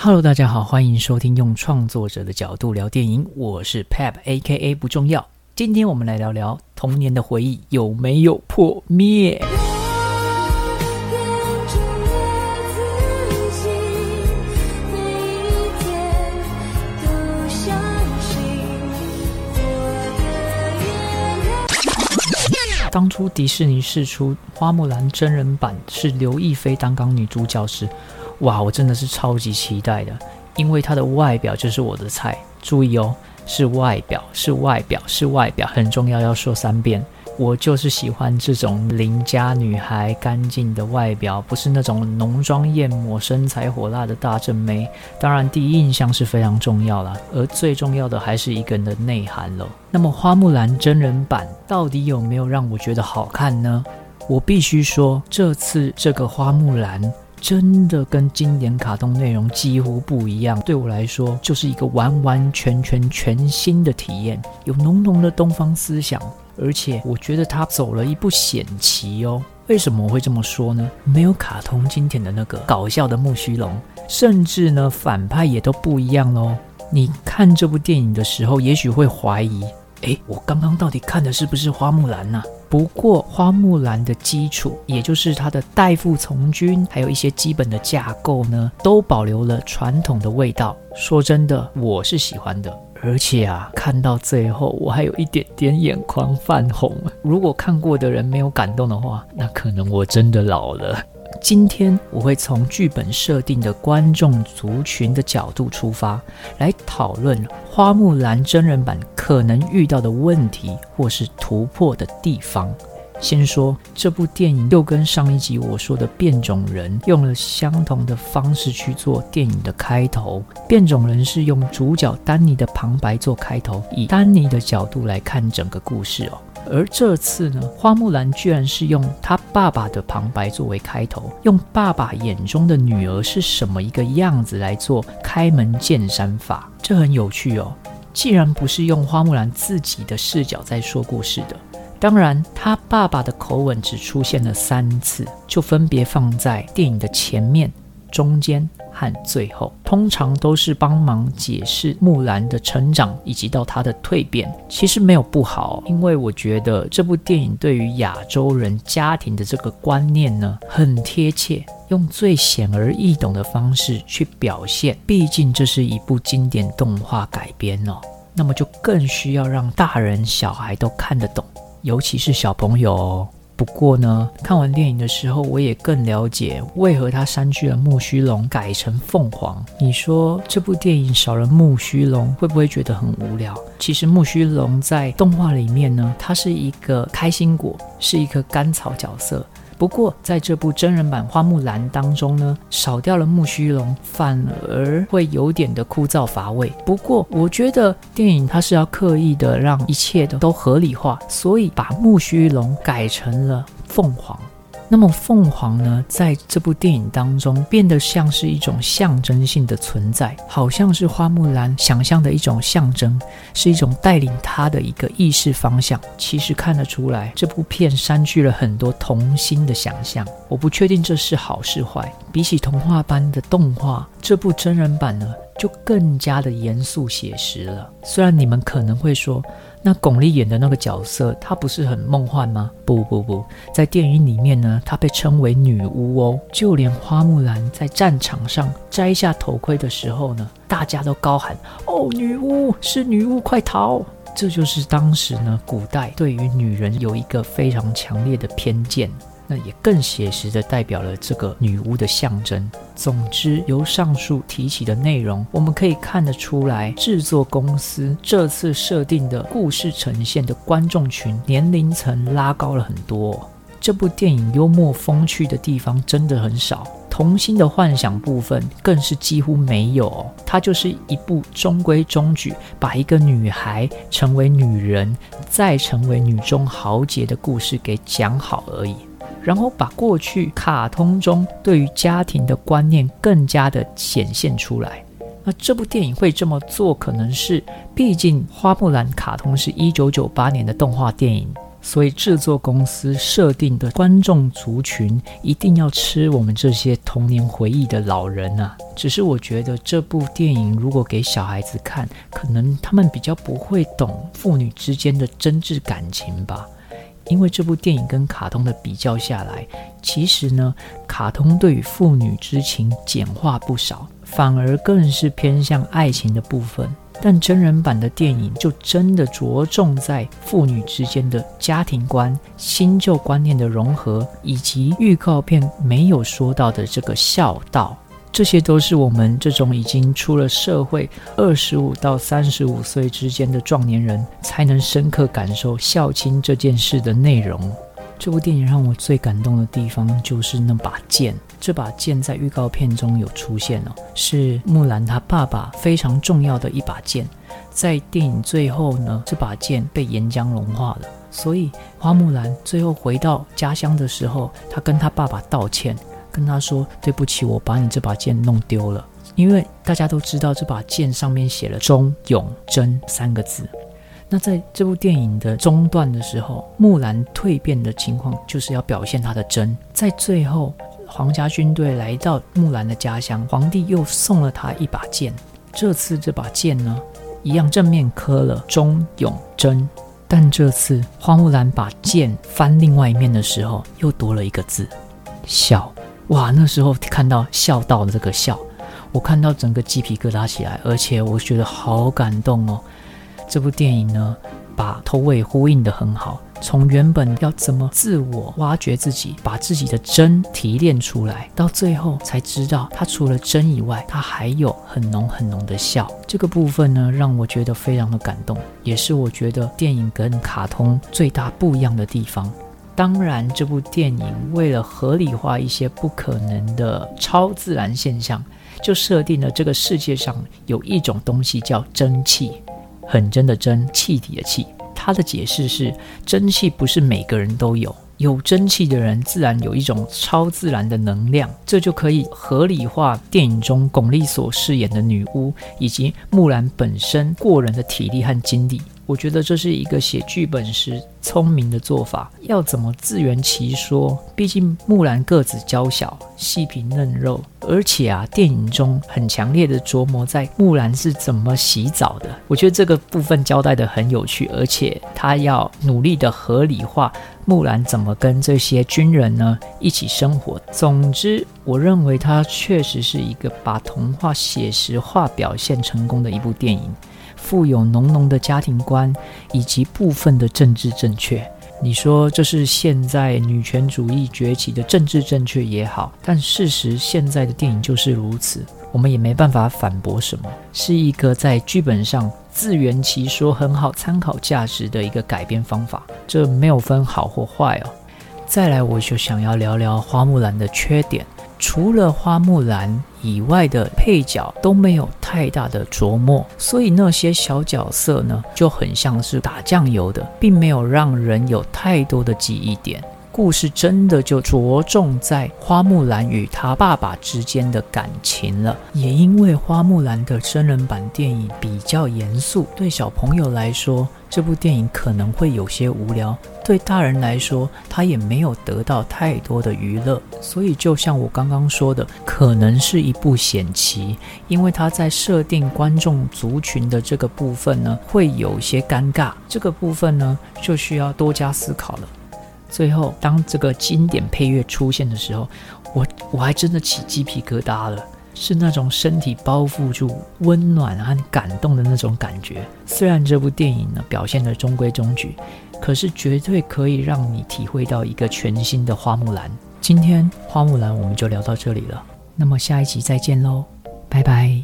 Hello，大家好，歡迎收聽用創作者的角度聊電影，我是 Pep AKA 不重要。今天我們來聊聊童年的回憶有沒有破滅。當初迪士尼釋出《花木蘭》真人版是劉亦菲擔綱女主角時。哇，我真的是超級期待的，因為它的外表就是我的菜。注意哦，是外表，是外表，是外表，很重要，要說三遍。我就是喜歡這種鄰家女孩、乾淨的外表，不是那種濃妝豔抹、身材火辣的大正妹。當然，第一印象是非常重要啦，而最重要的還是一個人的內涵了。那麼，花木蘭真人版到底有沒有讓我覺得好看呢？我必須說，這次這個花木蘭。真的跟經典卡通內容幾乎不一樣，對我來說就是一個完完全全全新的體驗，有濃濃的東方思想，而且我覺得他走了一步險棋哦。為什麼我會這麼說呢？沒有卡通經典的那個搞笑的木須龍，甚至呢反派也都不一樣哦。你看這部電影的時候，也許會懷疑：誒，我剛剛到底看的是不是花木蘭呢、啊？不過，花木蘭的基礎，也就是她的代父從軍，還有一些基本的架構呢，都保留了傳統的味道。說真的，我是喜歡的，而且啊，看到最後我還有一點點眼眶泛紅。如果看過的人沒有感動的話，那可能我真的老了。今天我會從劇本設定的觀眾族群的角度出發，來討論花木蘭真人版。可能遇到的問題或是突破的地方。先說這部電影又跟上一集我說的《變種人》用了相同的方式去做電影的開頭，《變種人》是用主角丹尼的旁白做開頭，以丹尼的角度來看整個故事哦。而這次呢，《花木蘭》居然是用他爸爸的旁白作為開頭，用爸爸眼中的女兒是什麼一個樣子來做開門見山法，這很有趣哦。既然不是用花木蘭自己的視角在說故事的，當然他爸爸的口吻只出現了三次，就分別放在電影的前面、中間和最後，通常都是幫忙解釋木蘭的成長以及到她的蛻變。其實沒有不好，因為我覺得這部電影對於亞洲人家庭的這個觀念呢，很貼切。用最顯而易懂的方式去表現，畢竟這是一部經典動畫改編哦，那麼就更需要讓大人小孩都看得懂，尤其是小朋友哦。不過呢，看完電影的時候，我也更了解為何他刪去了木須龍改成鳳凰。你說這部電影少了木須龍會不會覺得很無聊？其實木須龍在動畫裡面呢，它是一個開心果，是一個甘草角色。不過，在這部真人版《花木蘭》當中呢，少掉了木鬚龍，反而會有點的枯燥乏味。不過，我覺得電影它是要刻意的讓一切的都合理化，所以把木鬚龍改成了鳳凰。那麼鳳凰呢，在這部電影當中變得像是一種象徵性的存在，好像是花木蘭想象的一種象徵，是一種帶領她的一個意識方向。其實看得出來，這部片刪去了很多童心的想象。我不確定這是好是壞。比起童話般的動畫，這部真人版呢就更加的嚴肅寫實了。雖然你們可能會說。那鞏俐演的那個角色，她不是很夢幻嗎？不不不，在電影裡面呢，她被稱為女巫哦。就連花木蘭在戰場上摘下頭盔的時候呢，大家都高喊：“哦，女巫是女巫，快逃！”這就是當時呢，古代對於女人有一個非常強烈的偏見。那也更寫實的代表了這個女巫的象徵。總之，由上述提起的內容，我們可以看得出來，製作公司這次設定的故事呈現的觀眾群年齡層拉高了很多哦。這部電影幽默風趣的地方真的很少，童心的幻想部分更是幾乎沒有哦。它就是一部中規中矩，把一個女孩成為女人，再成為女中豪傑的故事給講好而已。然後把過去卡通中對於家庭的觀念更加的顯現出來。那這部電影會這麼做，可能是畢竟《花木蘭》卡通是一九九八年的動畫電影，所以制作公司設定的觀眾族群一定要吃我們這些童年回憶的老人啊。只是我覺得這部電影如果給小孩子看，可能他們比較不會懂父女之間的真摯感情吧。因為這部電影跟卡通的比較下來，其實呢，卡通對於父女之情簡化不少，反而更是偏向愛情的部分。但真人版的電影就真的着重在父女之間的家庭觀、新舊觀念的融合，以及預告片沒有說到的這個孝道。這些都是我們這種已經出了社會、二十五到三十五歲之間的壯年人才能深刻感受孝親這件事的內容。這部電影讓我最感動的地方就是那把劍。這把劍在預告片中有出現哦，是木蘭她爸爸非常重要的一把劍。在電影最後呢，這把劍被岩漿融化了，所以花木蘭最後回到家鄉的時候，她跟她爸爸道歉。跟他說對不起，我把你這把劍弄丟了。因為大家都知道這把劍上面寫了忠、勇、貞三個字。那在這部電影的中段的時候，木蘭蛻變的情況就是要表現她的貞。在最後，皇家軍隊來到木蘭的家鄉，皇帝又送了她一把劍。這次這把劍呢，一樣正面刻了忠、勇、貞，但這次花木蘭把劍翻另外一面的時候，又多了一個字，孝。哇，那時候看到孝道的這個孝，我看到整個雞皮疙瘩起來，而且我覺得好感動哦。這部電影呢，把頭尾呼應得很好。從原本要怎麼自我挖掘自己，把自己的真提煉出來，到最後才知道它除了真以外，它還有很濃很濃的孝。這個部分呢，讓我覺得非常的感動，也是我覺得電影跟卡通最大不一樣的地方。當然，這部電影為了合理化一些不可能的超自然現象，就設定了這個世界上有一種東西叫真氣，很真的真，氣體的氣。它的解釋是，真氣不是每個人都有，有真氣的人自然有一種超自然的能量，這就可以合理化電影中鞏俐所飾演的女巫以及木蘭本身過人的體力和精力。我覺得這是一個寫劇本時聰明的做法，要怎麼自圓其說？畢竟木蘭個子嬌小，細皮嫩肉，而且啊，電影中很強烈的琢磨在木蘭是怎麼洗澡的。我覺得這個部分交代的很有趣，而且他要努力的合理化木蘭怎麼跟這些軍人呢一起生活。總之，我認為他確實是一個把童話寫實化表現成功的一部電影。富有濃濃的家庭觀，以及部分的政治正確。你說這是現在女權主義崛起的政治正確也好，但事實現在的電影就是如此，我們也沒辦法反駁什麼，是一個在劇本上自圓其說很好參考價值的一個改編方法。這沒有分好或壞哦。再來，我就想要聊聊《花木蘭》的缺點。除了花木蘭以外的配角都沒有太大的著墨，所以那些小角色呢，就很像是打醬油的，並沒有讓人有太多的記憶點。故事真的就着重在花木蘭與他爸爸之間的感情了。也因為花木蘭的真人版電影比較嚴肅，對小朋友來說，這部電影可能會有些無聊；對大人來說，他也沒有得到太多的娛樂。所以，就像我剛剛說的，可能是一部險棋，因為他在設定觀眾族群的這個部分呢，會有些尷尬。這個部分呢，就需要多加思考了。最後，當這個經典配樂出現的時候，我我還真的起雞皮疙瘩了，是那種身體包覆住溫暖和感動的那種感覺。雖然這部電影呢，表現得中規中矩，可是絕對可以讓你體會到一個全新的花木蘭。今天花木蘭我們就聊到這裡了，那麼下一集再見嘍，拜拜。